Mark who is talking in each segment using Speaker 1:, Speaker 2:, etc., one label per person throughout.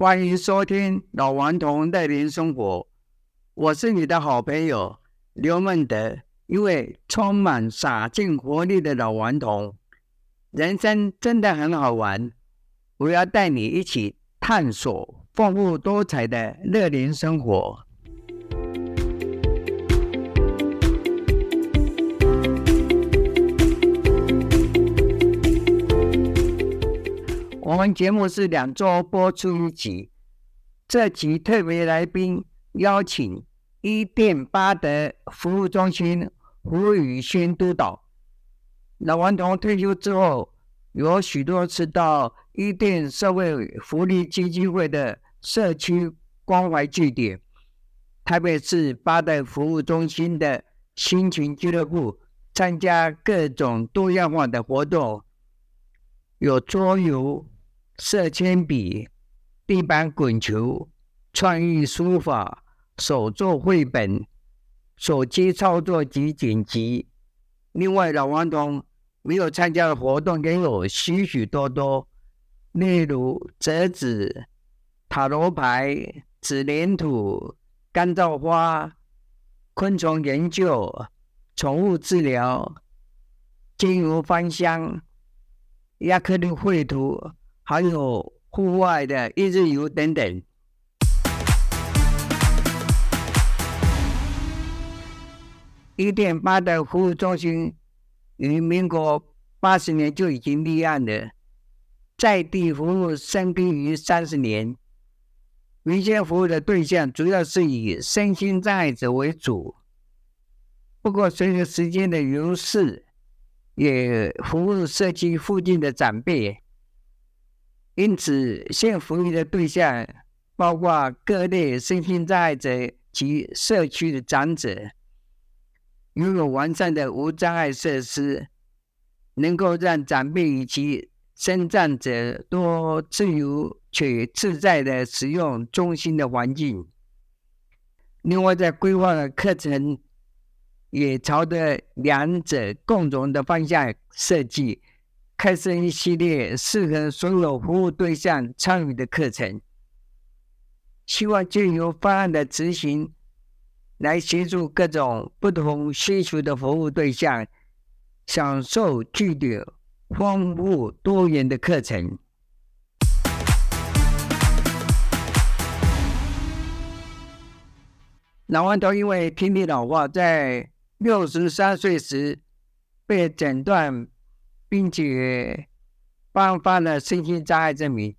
Speaker 1: 歡迎收聽《老頑童樂齡生活》，我是你的好朋友劉孟德，一位充滿灑勁活力的老頑童。人生真的很好玩，我要帶你一起探索豐富多彩的樂齡生活。我們節目是兩週播出一集，這集特別來賓邀請伊甸八德服務中心胡敔瑄督導。老頑童退休之後，有許多次到伊甸社會福利基金會的社區關懷據點，特別是八德服務中心的心情俱樂部，參加各種多樣化的活動，有桌遊。色鉛筆、地板滾球、創意書法、手作繪本、手機操作及剪輯。另外，老頑童沒有參加的活動也有許許多多，例如折紙、塔羅牌、紙黏土、乾燥花、昆蟲研究、寵物治療、精油芳香、壓克力繪圖。還有戶外的一日遊等等。伊甸八德服務中心於民國八十年就已經立案了，在地服務深耕於三十年。民間服務的對象主要是以身心障礙者為主，不過隨着時間的流逝，也服務社區附近的長輩。因此，現服務的對象包括各類身心障礙者及社區的長者。擁有，有完善的無障礙設施，能夠讓長輩以及身障者都自由且自在地使用中心的環境。另外，在規劃的課程也朝着兩者共融的方向設計。開設一系列適合所有服務對象參與的課程，希望借由方案的執行，來協助各種不同需求的服務對象享受具體豐富多元的課程。 老阿婆因為聽力老化，在六十三歲時被診斷。並且頒發了身心障礙證明。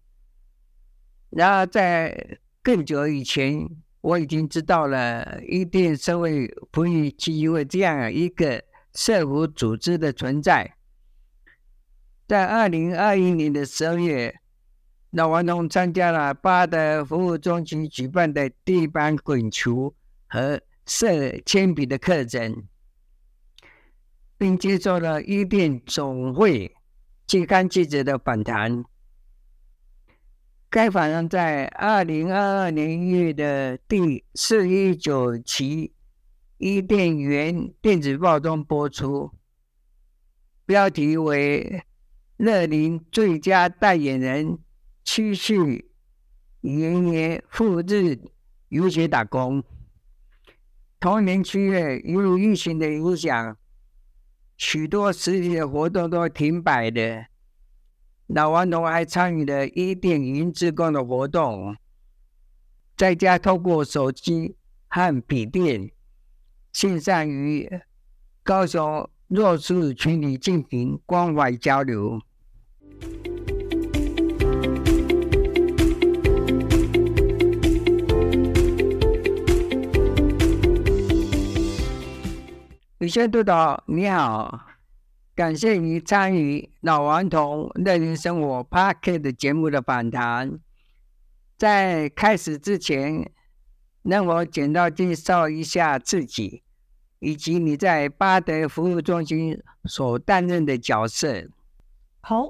Speaker 1: 然後在更久以前，我已經知道了伊甸社會不會是因為這樣一個社會組織的存在。在二零二一年的十二月，老頑童參加了八德服務中心舉辦的地板滾球和射鉛筆的課程。並接受了伊甸總會期刊記者的訪談。該訪談在二零二二年一月的第四一九期《伊甸園電子報》中播出，標題為“樂齡最佳代言人七旬爺爺赴日遊學打工”。同年七月，由於疫情的影響，許多實體的活動都停擺的，老頑童還參與了“伊甸雲志工”的活動，在家透過手機和筆電，線上與高校弱勢群體進行關懷交流。敔瑄督導，你好，感謝你參與《老頑童樂齡生活》Podcast 的節目的訪談。在開始之前，能否簡單介紹一下自己，以及你在八德服務中心所擔任的角色。好，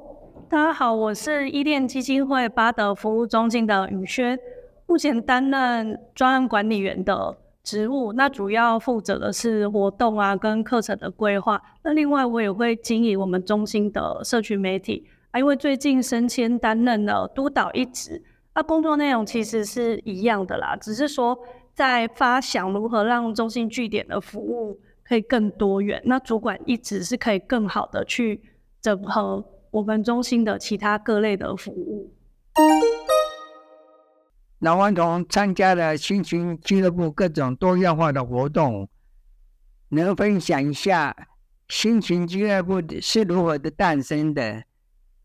Speaker 2: 大家好，我是伊甸基金會八德服務中心的敔瑄，目前擔任專案管理員的職務，那主要負責的是活動啊，跟課程的規劃，那另外我也會經營我們中心的社群媒體啊，因為最近升遷擔任了督導一職，那工作內容其實是一樣的啦，只是說在發想如何讓中心據點的服務可以更多元，那主管一職是可以更好的去整合我們中心的其他各類的服務。
Speaker 1: 老頑童參加了心情俱樂部各種多樣化的活動，能分享一下心情俱樂部是如何的誕生的？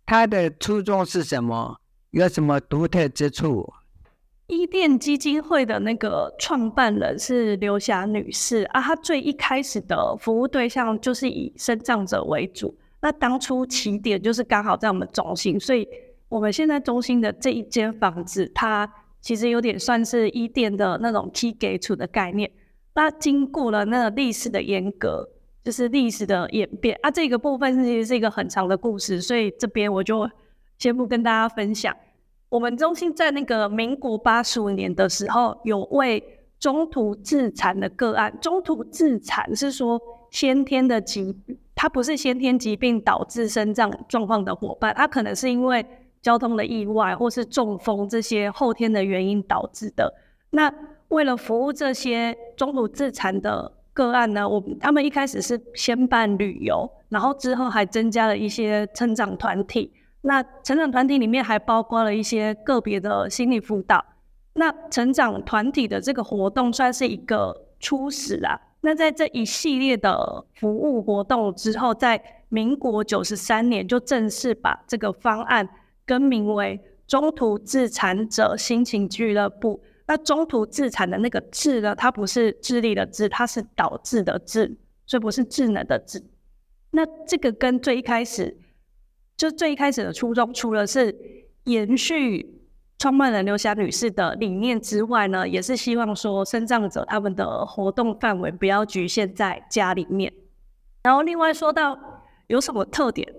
Speaker 1: 它的初衷是什麼？有什麼獨特之處？
Speaker 2: 伊甸基金會的那個創辦人是劉俠女士啊，她最一開始的服務對象就是以身障者為主。那當初起點就是剛好在我們中心，所以我們現在中心的這一間房子，它。其實有點算是伊甸的那種 T 給 T 的概念。那經過了那個歷史的沿革，就是歷史的演變啊，這個部分其實是一個很長的故事，所以這邊我就先不跟大家分享。我們中心在那個民國八十五年的時候，有位中途致殘的個案。中途致殘是說先天的疾，它不是先天疾病導致身長狀況的伙伴，它可能是因為。交通的意外或是中風這些後天的原因導致的。那為了服務這些中途致殘的個案呢，我們他們一開始是先辦旅遊，然後之後還增加了一些成長團體。那成長團體裡面還包括了一些個別的心理輔導。那成長團體的這個活動算是一個初始啦。那在這一系列的服務活動之後，在民國九十三年就正式把這個方案。更名為“中途自殘者心情俱樂部”。那“中途自殘”的那個“自”呢？它不是智力的“智”，它是導致的“致”，所以不是智能的“智”。那這個跟最一開始，就最一開始的初衷，除了是延續創辦人劉俠女士的理念之外呢，也是希望說，身障者他們的活動範圍不要局限在家裡面。然後，另外說到有什麼特點？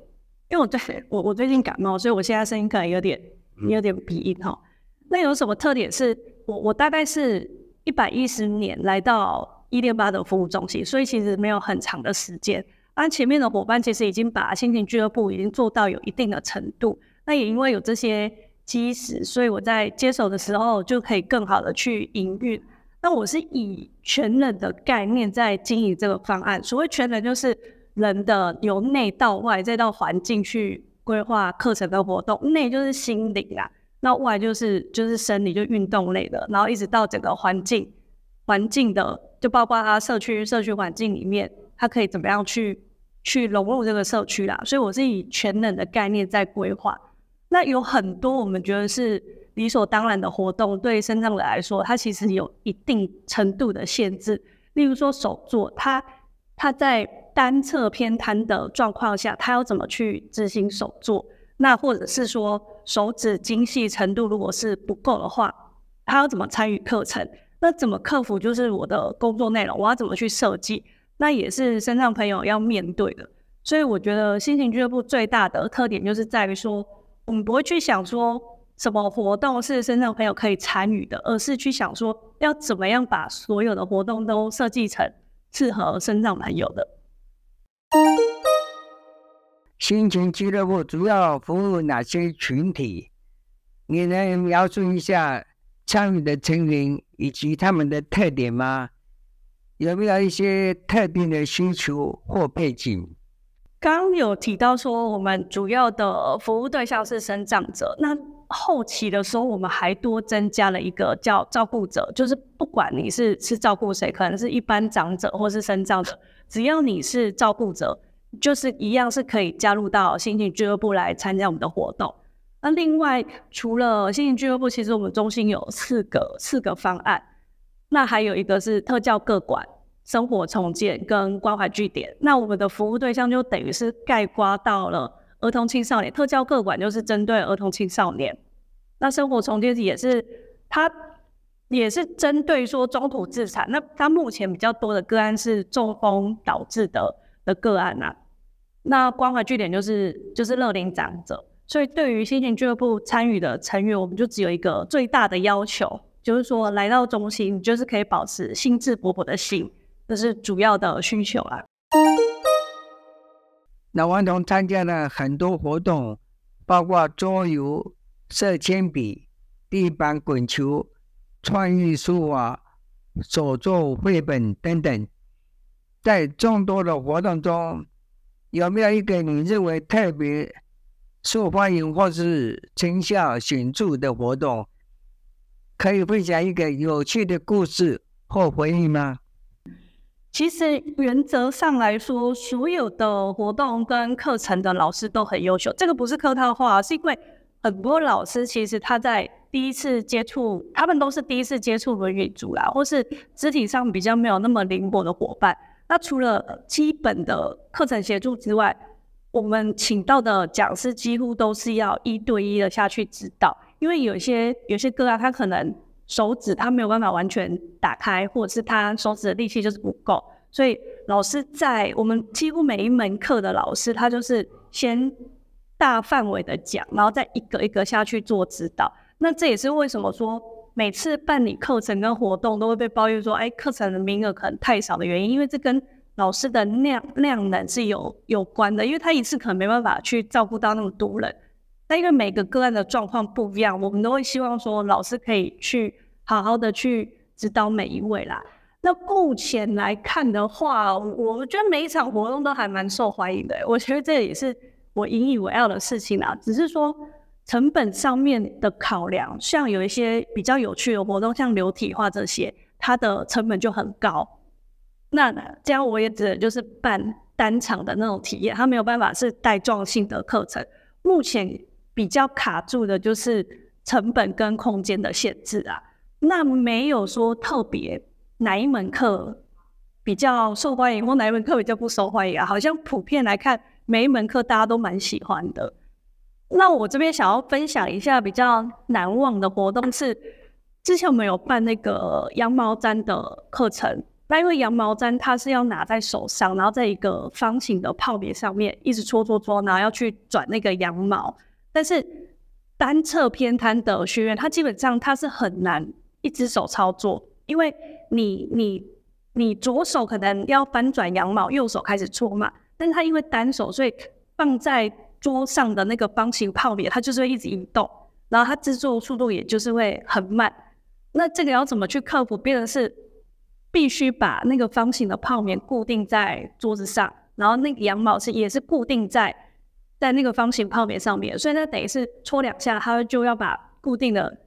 Speaker 2: 因為我對我我最近感冒，所以我現在聲音可能有點也有點鼻音吼，嗯、那有什麼特點是？是我我大概是一百一十年來到伊甸八德服務中心，所以其實沒有很長的時間。而前面的夥伴其實已經把心情俱樂部已經做到有一定的程度。那也因為有這些基石，所以我在接手的時候，就可以更好的去營運。那我是以全人的概念在經營這個方案。所謂全人就是。人的由內到外，再到環境去規劃課程的活動，內就是心靈啊，那外就是就是生理就運動類的，然後一直到整個環境，環境的就包括它，啊、社區社區環境裡面，它可以怎麼樣去去融入這個社區啦。所以我是以全能的概念在規劃。那有很多我們覺得是理所當然的活動，對身障者來說，它其實有一定程度的限制。例如說手作，它它在單側偏癱的狀況下，他要怎麼去執行手作？那或者是說手指精細程度如果是不夠的話，他要怎麼參與課程？那怎麼克服？就是我的工作內容，我要怎麼去設計？那也是身障朋友要面對的。所以我覺得心情俱樂部最大的特點就是在於說，我們不會去想說什麼活動是身障朋友可以參與的，而是去想說要怎麼樣把所有的活動都設計成適合身障朋友
Speaker 1: 的。心情俱樂部主要服務哪些群體？你能描述一下參與的成員以及他們的特點嗎？有沒有一些特定的需求或背景？
Speaker 2: 剛有提到說我們主要的服務對象是身障者，那後期的時候我們還多增加了一個叫照顧者，就是不管你是是照顧誰，可能是一般長者或是身障者。 只要你是照顧者，就是一樣是可以加入到心情俱樂部來參加我們的活動。那另外，除了心情俱樂部，其實我們中心有四個四個方案。那還有一個是特教個管、生活重建跟關懷據點。那我們的服務對象就等於是概括到了兒童青少年。特教個管就是針對兒童青少年。那生活重建也是他。也是針對說中途致殘，那他目前比較多的個案是中風導致的的個案吶、啊。那關懷據點就是就是樂齡長者，所以對於心情俱樂部參與的成員，我們就只有一個最大的要求，就是說來到中心就是可以保持興致勃勃,勃的心，這是主要的需求啊。
Speaker 1: 老頑童參加了很多活動，包括桌遊、色鉛筆、地板滾球。創意書法、啊、手作繪本等等，在眾多的活動中，有沒有一個你認為特別受歡迎或是成效顯著的活動？可以分享一個有趣的故事或回憶嗎？其實，原則
Speaker 2: 上來說，所有的活動跟課程的老師都很優秀，這個不是客套話，是因為。很多老師其實他在第一次接觸，他們都是第一次接觸輪椅族啦，或是肢體上比較沒有那麼靈活的夥伴。那除了基本的課程協助之外，我們請到的講師幾乎都是要一對一的下去指導，因為有些有些個案，他可能手指他沒有辦法完全打開，或者是他手指的力氣就是不夠，所以老師在我們幾乎每一門課的老師，他就是先。大範圍的講，然後再一個一個下去做指導。那這也是為什麼說每次辦理課程跟活動都會被抱怨說，哎，課程的名額可能太少的原因，因為這跟老師的量量能是有有關的，因為他一次可能沒辦法去照顧到那麼多人。那因為每個個案的狀況不一樣，我們都會希望說老師可以去好好的去指導每一位啦。那目前來看的話，我覺得每一場活動都還蠻受歡迎的欸，我覺得這也是。我引以為傲的事情啊，只是說成本上面的考量，像有一些比較有趣的活動，像流體畫這些，它的成本就很高。那這樣我也只能就是辦單場的那種體驗，它沒有辦法是帶狀性的課程。目前比較卡住的就是成本跟空間的限制啊。那沒有說特別哪一門課比較受歡迎或哪一門課比較不受歡迎啊，好像普遍來看。每一門課大家都蠻喜歡的，那我這邊想要分享一下比較難忘的活動是，之前我們有辦那個羊毛氈的課程，那因為羊毛氈它是要拿在手上，然後在一個方形的泡棉上面一直搓搓搓，然後要去轉那個羊毛，但是單側偏癱的學員他基本上他是很難一隻手操作，因為你你你左手可能要翻轉羊毛，右手開始搓嘛。但是他因為單手，所以放在桌上的那個方形泡棉，它就是會一直移動，然後它製作速度也就是會很慢。那這個要怎麼去克服？變成是必須把那個方形的泡棉固定在桌子上，然後那個羊毛是也是固定在在那個方形泡棉上面，所以那等於是戳兩下，它就要把固定的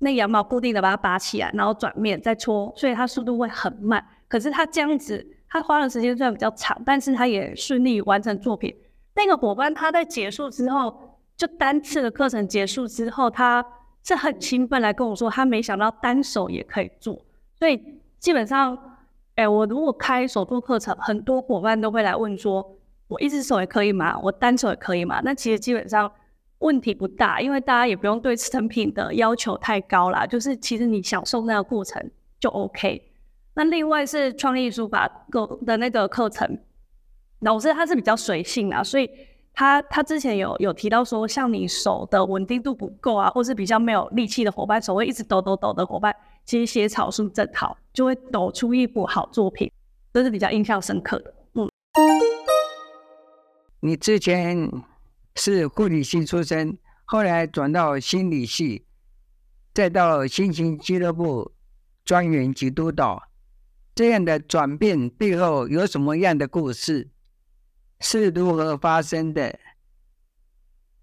Speaker 2: 那個羊毛固定的把它拔起來，然後轉面再戳，所以它速度會很慢。可是它這樣子。他花的時間雖然比較長，但是他也順利完成作品。那個夥伴他在結束之後，就單次的課程結束之後，他是很興奮來跟我說，他沒想到單手也可以做。所以基本上，哎、欸，我如果開手做課程，很多夥伴都會來問說，我一隻手也可以嗎？我單手也可以嗎？那其實基本上問題不大，因為大家也不用對成品的要求太高啦。就是其實你享受那個過程就 OK。那另外是創意書法的那個課程，老師他是比較隨性啊，所以他他之前有有提到說，像你手的穩定度不夠啊，或是比較沒有力氣的夥伴，手會一直抖抖抖的夥伴，其實寫草書正好就會抖出一部好作品，這是比較印象深刻的。嗯，
Speaker 1: 你之前是護理系出身，後來轉到心理系，再到心情俱樂部專員及督導。這樣的轉變背後有什麼樣的故事？是如何發生的？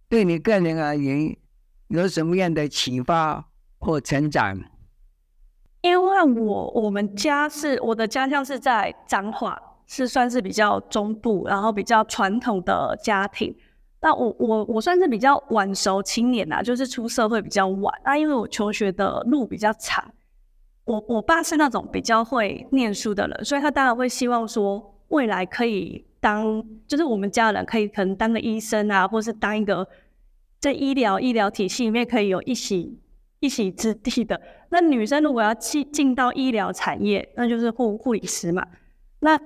Speaker 1: 對你個人而言，有什麼樣的啟發或成長？
Speaker 2: 因為我我們家是我的家鄉是在彰化，是算是比較中部，然後比較傳統的家庭。那我我我算是比較晚熟青年吶、啊，就是出社會比較晚。那因為我求學的路比較長。我我爸是那種比較會念書的人，所以他當然會希望說未來可以當，就是我們家人可以可能當個醫生啊，或是當一個在醫療醫療體系裡面可以有一席一席之地的。那女生如果要進進到醫療產業，那就是護護理師嘛。那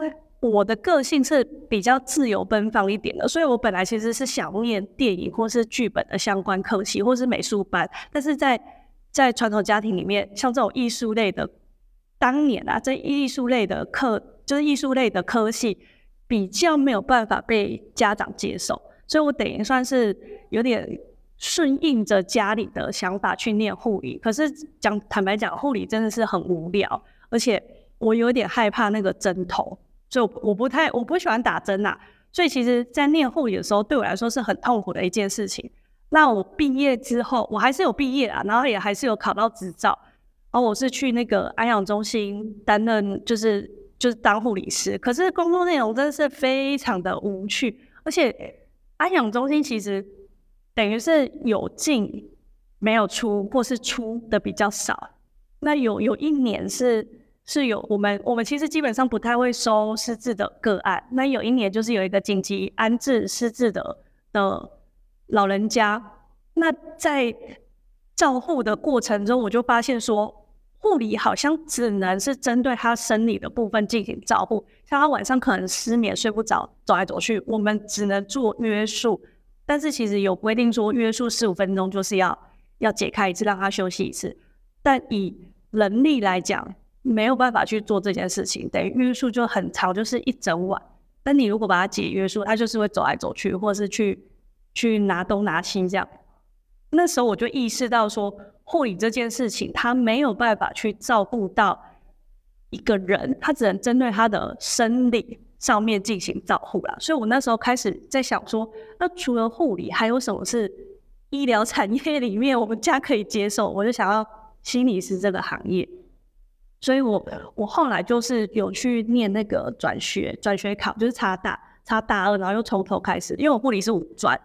Speaker 2: 我的個性是比較自由奔放一點的，所以我本來其實是想念電影或是劇本的相關科系，或是美術班，但是在。在傳統家庭裡面，像這種藝術類的，當年啊，這藝術類的科就是藝術類的科系，比較沒有辦法被家長接受，所以我等於算是有點順應着家裡的想法去念護理。可是講坦白講，護理真的是很無聊，而且我有點害怕那個針頭，所以我不太，我不喜歡打針吶、啊。所以其實，在念護理的時候，對我來說是很痛苦的一件事情。那我畢業之後，我還是有畢業啊，然後也還是有考到執照，然後我是去那個安養中心擔任、就是，就是就是當護理師。可是工作內容真的是非常的無趣，而且安養中心其實等於是有進沒有出，或是出的比較少。那有有一年是是有我們我們其實基本上不太會收失智的個案，那有一年就是有一個緊急安置失智的的。的老人家，那在照護的過程中，我就發現說，護理好像只能是針對他生理的部分進行照顧。像他晚上可能失眠，睡不着，走來走去，我們只能做約束。但是其實有規定說，約束十五分鐘就是要要解開一次，讓他休息一次。但以人力來講，沒有辦法去做這件事情，等於約束就很長，就是一整晚。但你如果把它解約束，他就是會走來走去，或是去。去拿東拿西這樣，那時候我就意識到說，護理這件事情它沒有辦法去照顧到一個人，它只能針對他的生理上面進行照護啦。所以我那時候開始在想說，那除了護理，還有什麼是醫療產業裡面我們家可以接受？我就想要心理師這個行業。所以我我後來就是有去念那個轉學，轉學考就是插大插大二，然後又從頭開始，因為我護理是五專。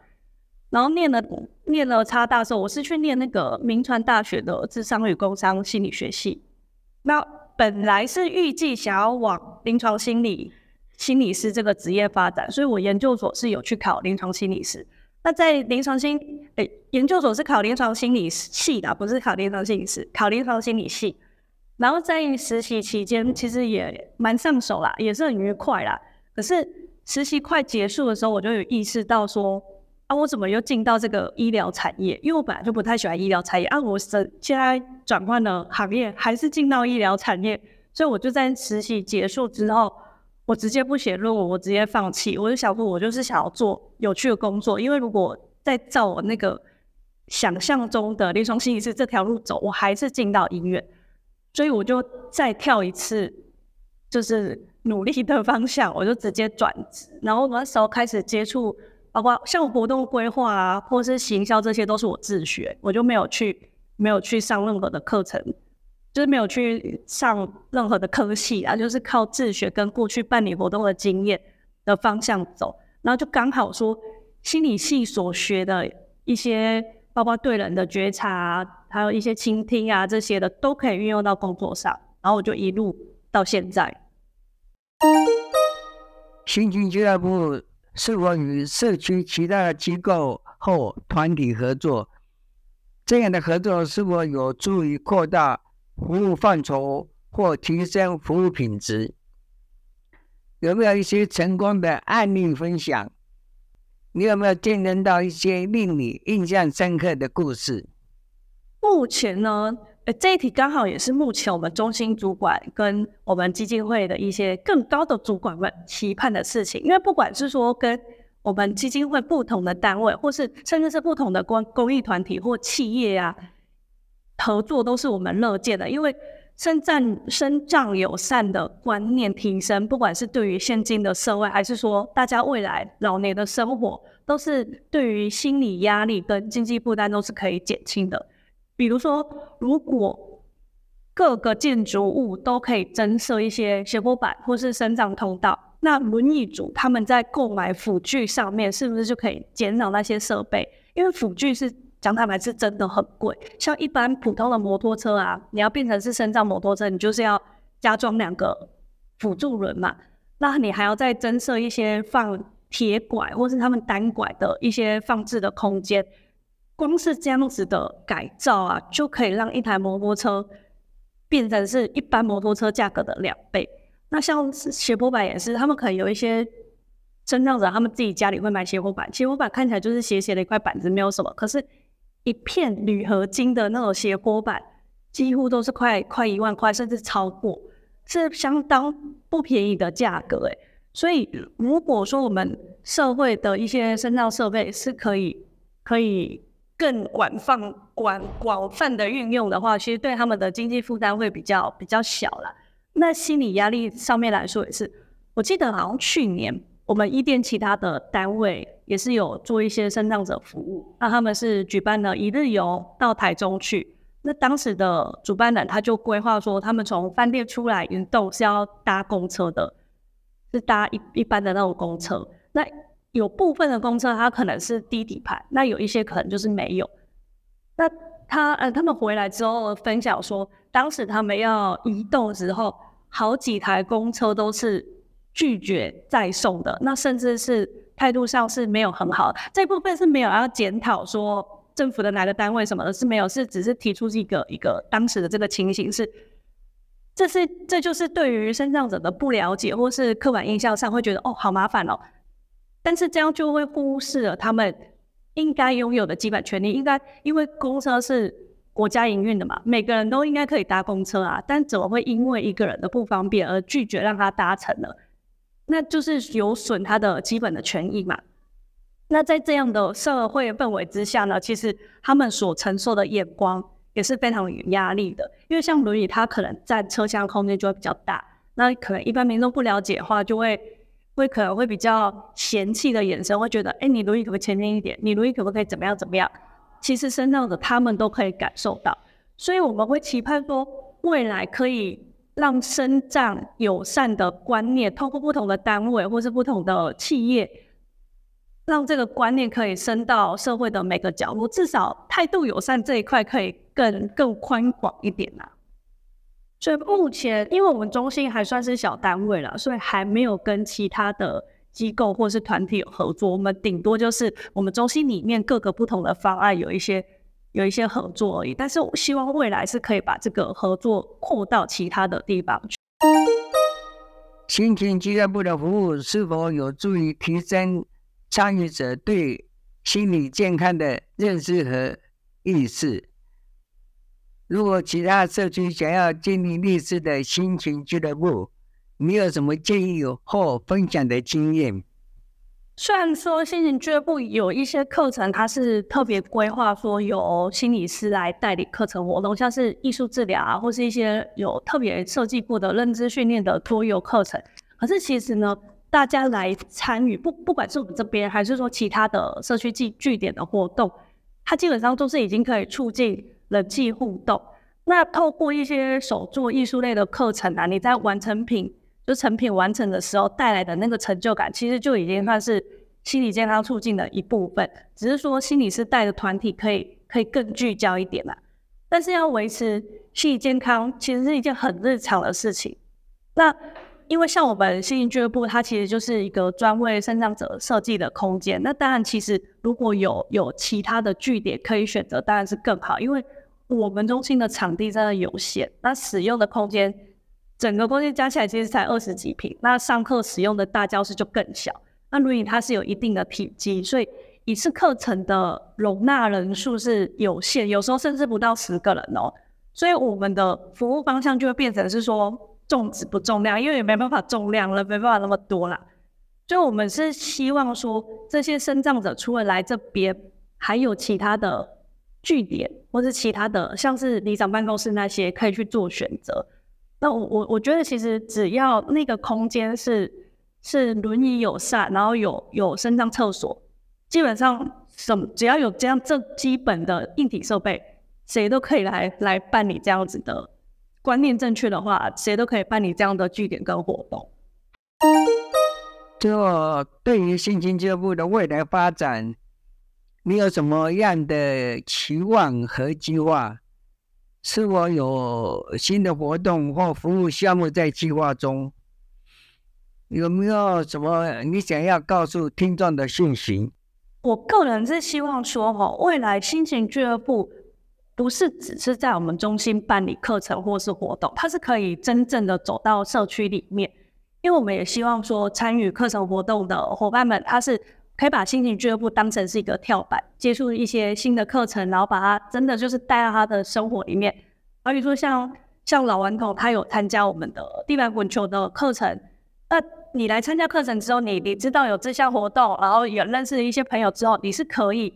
Speaker 2: 然後念了念了差大的時候，我是去念那個銘傳大學的諮商與工商心理學系。那本來是預計想要往臨床心理心理師這個職業發展，所以我研究所是有去考臨床心理師。那在臨床心誒，研究所是考臨床心理系的，不是考臨床心理師，考臨床心理系。然後在實習期間，其實也蠻上手啦，也是很愉快啦。可是實習快結束的時候，我就有意識到說。啊！我怎麼又進到這個醫療產業？因為我本來就不太喜歡醫療產業。啊！我現現在轉換了行業還是進到醫療產業，所以我就在實習結束之後，我直接不寫論文，我直接放棄。我就想說，我就是想要做有趣的工作。因為如果再照我那個想象中的臨床心理師這條路走，我還是進到醫院，所以我就再跳一次，就是努力的方向，我就直接轉職。然後那時候開始接觸。包括像我活動規劃啊，或是行銷，這些都是我自學，我就沒有去，沒有去上任何的課程，就是沒有去上任何的科系啊，就是靠自學跟過去辦理活動的經驗的方向走，然後就剛好說，心理系所學的一些，包括對人的覺察啊，還有一些傾聽啊這些的，都可以運用到工作上，然後我就一路到現在。
Speaker 1: 心情俱樂部。是否與社區其他機構或團體合作？這樣的合作是否有助於擴大服務範疇或提升服務品質？有沒有一些成功的案例分享？你有沒有見證到一些令你印象深刻的故事？
Speaker 2: 目前呢？呃、欸，這一題剛好也是目前我們中心主管跟我們基金會的一些更高的主管們期盼的事情，因為不管是說跟我們基金會不同的單位，或是甚至是不同的公公益團體或企業啊，合作都是我們樂見的，因為身障身障友善的觀念提升，不管是對於現今的社會，還是說大家未來老年的生活，都是對於心理壓力跟經濟負擔都是可以減輕的。比如說，如果各個建築物都可以增設一些斜坡板或是升降通道，那輪椅族他們在購買輔具上面是不是就可以減少那些設備？因為輔具是講坦白是真的很貴。像一般普通的摩托車啊，你要變成是升降摩托車，你就是要加裝兩個輔助輪嘛，那你還要再增設一些放鐵拐或是他們單拐的一些放置的空間。光是這樣子的改造啊，就可以讓一台摩托車變成是一般摩托車價格的兩倍。那像斜坡板也是，他們可能有一些身障者，他們自己家裡會買斜坡板。斜坡板看起來就是斜斜的一塊板子，沒有什麼，可是一片鋁合金的那種斜坡板，幾乎都是快快一萬塊，甚至超過，是相當不便宜的價格欸。所以如果說我們社會的一些身障設備是可以可以。更廣泛、廣廣泛的運用的話，其實對他們的經濟負擔會比較比較小啦。那心理壓力上面來說，也是。我記得好像去年我們伊甸其他的單位也是有做一些身障者服務，那他們是舉辦了一日遊到台中去。那當時的主辦人他就規劃說，他們從飯店出來運動是要搭公車的，是搭一一般的那種公車。那有部分的公車，它可能是低底盤，那有一些可能就是沒有。那他呃，他們回來之後分享說，當時他們要移動的時候，好幾台公車都是拒絕載送的，那甚至是態度上是沒有很好。這部分是沒有要檢討說政府的哪個單位什麼的，是沒有，是只是提出一個一個當時的這個情形，是這是這就是對於身障者的不了解，或是刻板印象上會覺得哦，好麻煩哦。但是這樣就會忽視了他們應該擁有的基本權利。應該因為公車是國家營運的嘛，每個人都應該可以搭公車啊。但怎麼會因為一個人的不方便而拒絕讓他搭乘呢？那就是有損他的基本的權益嘛。那在這樣的社會氛圍之下呢，其實他們所承受的眼光也是非常有壓力的。因為像輪椅，他可能佔車廂空間就會比較大，那可能一般民眾不了解的話，就會。會可能會比較嫌棄的眼神，會覺得，哎，你如意可不可以前進一點？你如意可不可以怎麼樣怎麼樣？其實身障的他們都可以感受到，所以我們會期盼說，未來可以讓身障友善的觀念，透過不同的單位或是不同的企業，讓這個觀念可以伸到社會的每個角落，至少態度友善這一塊可以更更寬廣一點吶、啊。所以目前，因為我們中心還算是小單位了，所以還沒有跟其他的機構或是團體有合作。我們頂多就是我們中心裡面各個不同的方案有一些有一些合作而已。但是我希望未來是可以把這個合作擴到其他的地方去。
Speaker 1: 心情俱樂部的服務是否有助於提升參與者對心理健康的認識和意識？如果其他社區想要建立類似的心情俱樂部，你有什麼建議或分享的經驗？
Speaker 2: 雖然說心情俱樂部有一些課程，它是特別規劃，說由心理師來帶領課程活動，像是藝術治療啊，或是一些有特別設計過的認知訓練的桌遊課程。可是其實呢，大家來參與，不不管是我們這邊，還是說其他的社區據據點的活動，它基本上都是已經可以促進。人際互動，那透過一些手作藝術類的課程啊，你在完成品就成品完成的時候帶來的那個成就感，其實就已經算是心理健康促進的一部分。只是說心理師帶的團體可以可以更聚焦一點啦、啊，但是要維持心理健康，其實是一件很日常的事情。那因為像我們心情俱樂部，它其實就是一個專為身障者設計的空間。那當然，其實如果有有其他的據點可以選擇，當然是更好，因為。我們中心的場地真的有限，那使用的空間，整個空間加起來其實才二十幾坪，那上課使用的大教室就更小。那輪椅它是有一定的體積，所以一次課程的容納人數是有限，有時候甚至不到十個人哦。所以我們的服務方向就會變成是說重質不重量，因為也沒辦法重量了，沒辦法那麼多了。所以我們是希望說這些身障者除了來這邊，還有其他的。據點，或是其他的，像是里長辦公室那些，可以去做選擇。那我我我覺得，其實只要那個空間是是輪椅友善，然後有有升降廁所，基本上什麼只要有這樣這基本的硬體設備，誰都可以來來辦理這樣子的。觀念正確的話，誰都可以辦理這樣的據點跟活動。
Speaker 1: 就對，對於心情俱樂部的未來發展。你有什麼樣的期望和計劃？是否有新的活動或服務項目在計劃中？有沒有什麼你想要告訴聽眾的信息？
Speaker 2: 我個人是希望說，哦，哈，未來心情俱樂部不是只是在我們中心辦理課程或是活動，它是可以真正的走到社區裡面。因為我們也希望說，參與課程活動的伙伴們，他是。可以把心情俱樂部當成是一個跳板，接觸一些新的課程，然後把它真的就是帶到他的生活裡面。好比說像像老頑童，他有參加我們的地板滾球的課程。那、啊、你來參加課程之後，你你知道有這項活動，然後有認識一些朋友之後，你是可以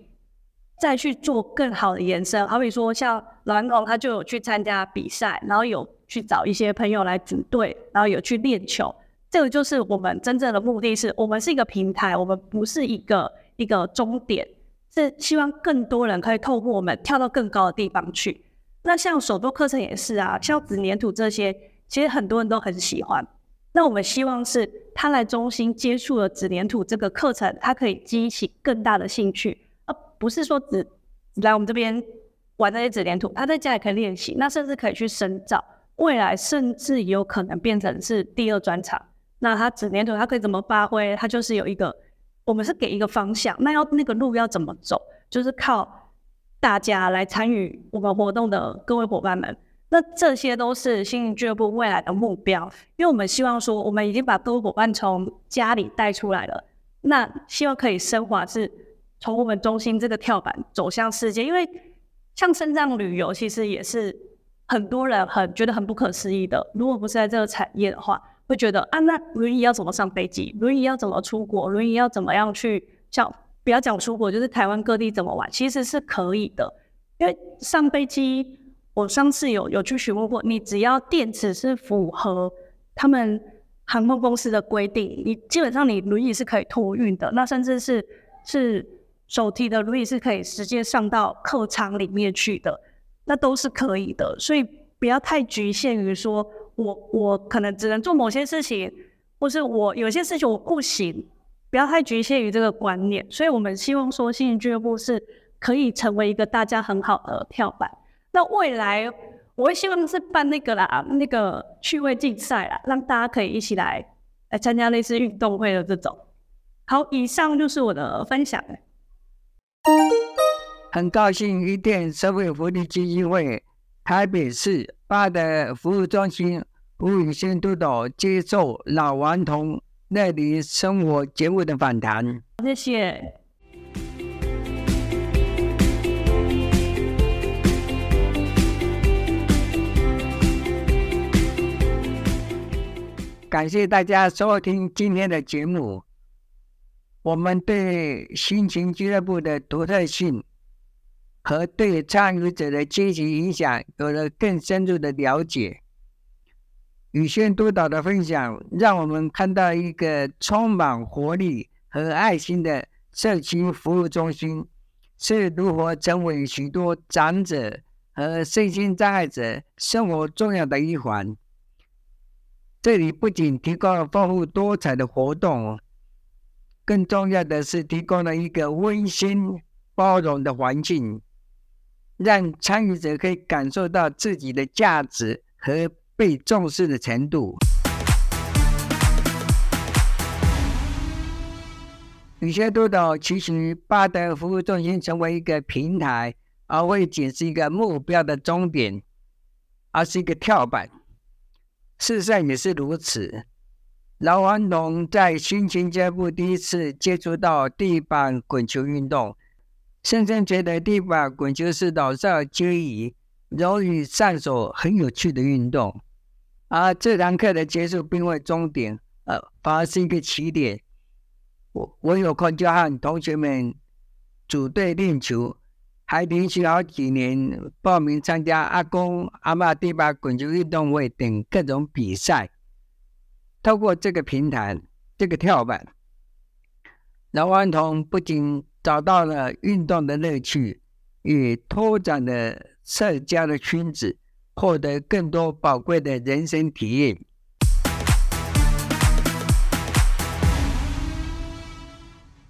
Speaker 2: 再去做更好的延伸。好比說像老頑童，他就有去參加比賽，然後有去找一些朋友來組隊，然後有去練球。這個就是我們真正的目的，是我們是一個平台，我們不是一個一個終點，是希望更多人可以透過我們跳到更高的地方去。那像手作課程也是啊，像紙粘土這些，其實很多人都很喜歡。那我們希望是他來中心接觸了紙粘土這個課程，他可以激起更大的興趣，而不是說只來我們這邊玩那些紙粘土，他在家也可以練習，那甚至可以去深造，未來甚至有可能變成是第二專長。那他紙黏土，它可以怎麼發揮？它就是有一個，我們是給一個方向，那要那個路要怎麼走，就是靠大家來參與我們活動的各位夥伴們。那這些都是心情俱樂部未來的目標，因為我們希望說，我們已經把各位夥伴從家裡帶出來了，那希望可以升華，是從我們中心這個跳板走向世界。因為像身障旅遊，其實也是很多人很覺得很不可思議的，如果不是在這個產業的話。會覺得啊，那輪椅要怎麼上飛機？輪椅要怎麼出國？輪椅要怎麼樣去？像不要講出國，就是台灣各地怎麼玩，其實是可以的。因為上飛機，我上次有有去詢問過，你只要電池是符合他們航空公司的規定，你基本上你輪椅是可以托運的。那甚至是是手提的輪椅是可以直接上到客艙裡面去的，那都是可以的。所以不要太局限於說。我我可能只能做某些事情，或是我有些事情我不行，不要太局限於這個觀念。所以，我們希望說，心情俱樂部是可以成為一個大家很好的跳板。那未來，我會希望是辦那個啦，那個趣味競賽啦，讓大家可以一起來來參加類似運動會的這種。好，以上就是我的分享、欸。
Speaker 1: 很高興伊甸社會福利基金會台北市八德服務中心。胡敔瑄督導接受老頑童樂齡生活節目的訪談。謝謝，感謝大家收聽今天的節目。我們對心情俱樂部的獨特性和對參與者的積極影響有了更深入的了解。敔瑄督導的分享，讓我們看到一個充滿活力和愛心的社區服務中心是如何成為許多長者和身心障礙者生活重要的一環。這裡不僅提供了豐富多彩的活動，更重要的是提供了一個溫馨包容的環境，讓參與者可以感受到自己的價值和。被重視的程度。 有些督導其實八德服務中心成為一個平台，而未僅是一個目標的終點，而是一個跳板。事實上也是如此。老黃龍在心情俱樂部第一次接觸到地板滾球運動，深深覺得地板滾球是老少皆宜、容易上手、很有趣的運動。而、啊、這堂課的結束並非終點，呃，反而是一個起點。我我有空就和同學們組隊練球，還連續好幾年報名參加阿公阿嬤地板滾球運動會等各種比賽。透過這個平台，這個跳板，老頑童不僅找到了運動的樂趣，也拓展了社交的圈子。獲得更多寶貴的人生體驗。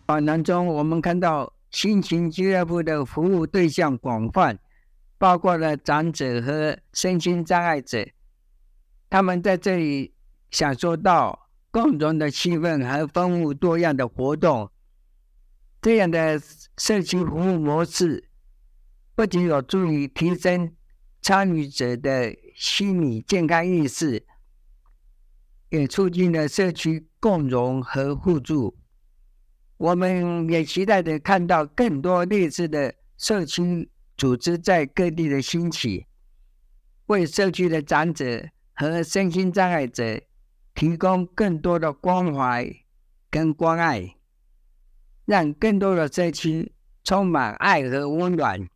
Speaker 1: 訪談中，我們看到心情俱樂部的服務對象廣泛，包括了長者和身心障礙者。他們在這裡享受到共同的氣氛和豐富多樣的活動。這樣的社區服務模式不僅有助於提升參與者的心理健康意識，也促進了社區共融和互助。我們也期待着看到更多類似的社區組織在各地的興起，為社區的長者和身心障礙者提供更多的關懷跟關愛，讓更多的社區充滿愛和溫暖。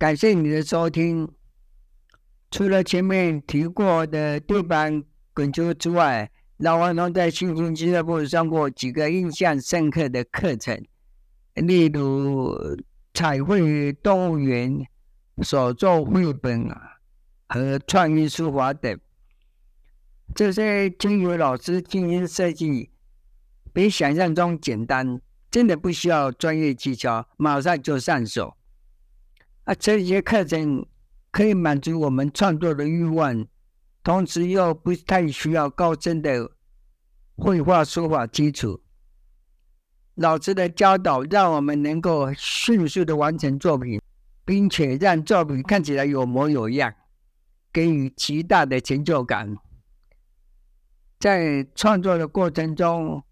Speaker 1: 感謝你的收聽。除了前面提過的地板滾球之外，老王常在心情俱樂部上過幾個印象深刻的課程，例如彩繪動物園、手作繪本啊，和創意書法等。這些經由老師精心設計，比想象中簡單，真的不需要專業技巧，馬上就上手。啊，這些課程可以滿足我們創作的慾望，同時又不太需要高深的繪畫書法基礎。老師的教導讓我們能夠迅速的完成作品，並且讓作品看起來有模有樣，給予極大的成就感。在創作的過程中，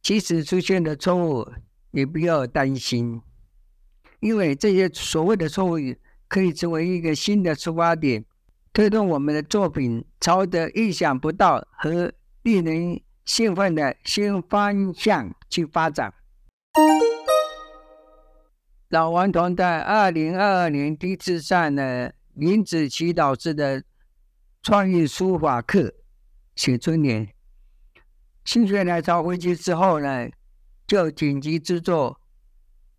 Speaker 1: 即使出現了錯誤，也不要擔心。因為這些所謂的錯誤可以成為一個新的出發點，推動我們的作品朝着意想不到和令人興奮的新方向去發展。老王團在二零二二年第一次上了林子奇導師的創意書法課，寫春聯。心血來潮回去之後呢，就緊急制作。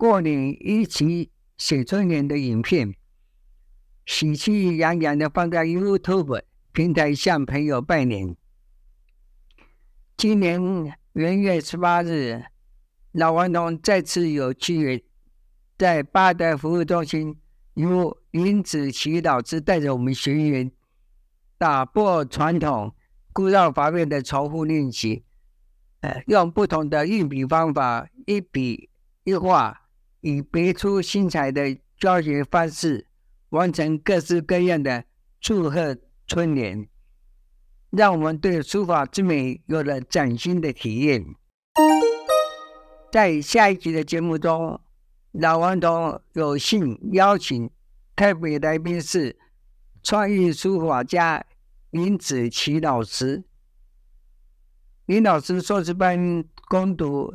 Speaker 1: 過年一起寫春聯的影片，喜氣洋洋的放在 YouTube 平台向朋友拜年。今年元月十八日，老頑童再次有機緣在八德服務中心，由林子琪老師帶着我們學員打破傳統枯燥乏味的重複練習，呃，用不同的運筆方法一筆一畫，以別出心裁的教學方式，完成各式各樣的祝賀春聯，讓我們對書法之美有了嶄新的體驗。在下一集的節目中，老頑童有幸邀請特別來賓是創意書法家林子琪老師。林老師碩士班攻讀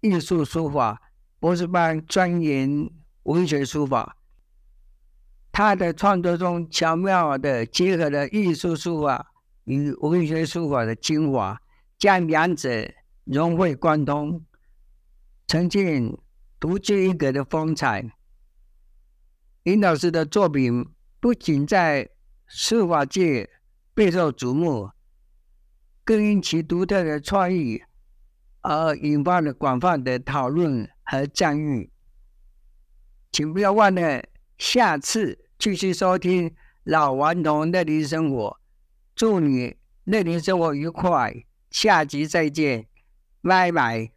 Speaker 1: 藝術書法。博士班鑽研文學書法，他的創作中巧妙地結合了藝術書法與文學書法的精華，將兩者融會貫通，呈現獨具一格的風采。林老師的作品不僅在書法界備受矚目，更因其獨特的創意。而引發了廣泛的討論和讚譽，請不要忘了下次繼續收聽《老頑童樂齡生活》。祝你《樂齡生活》愉快，下集再見，拜拜。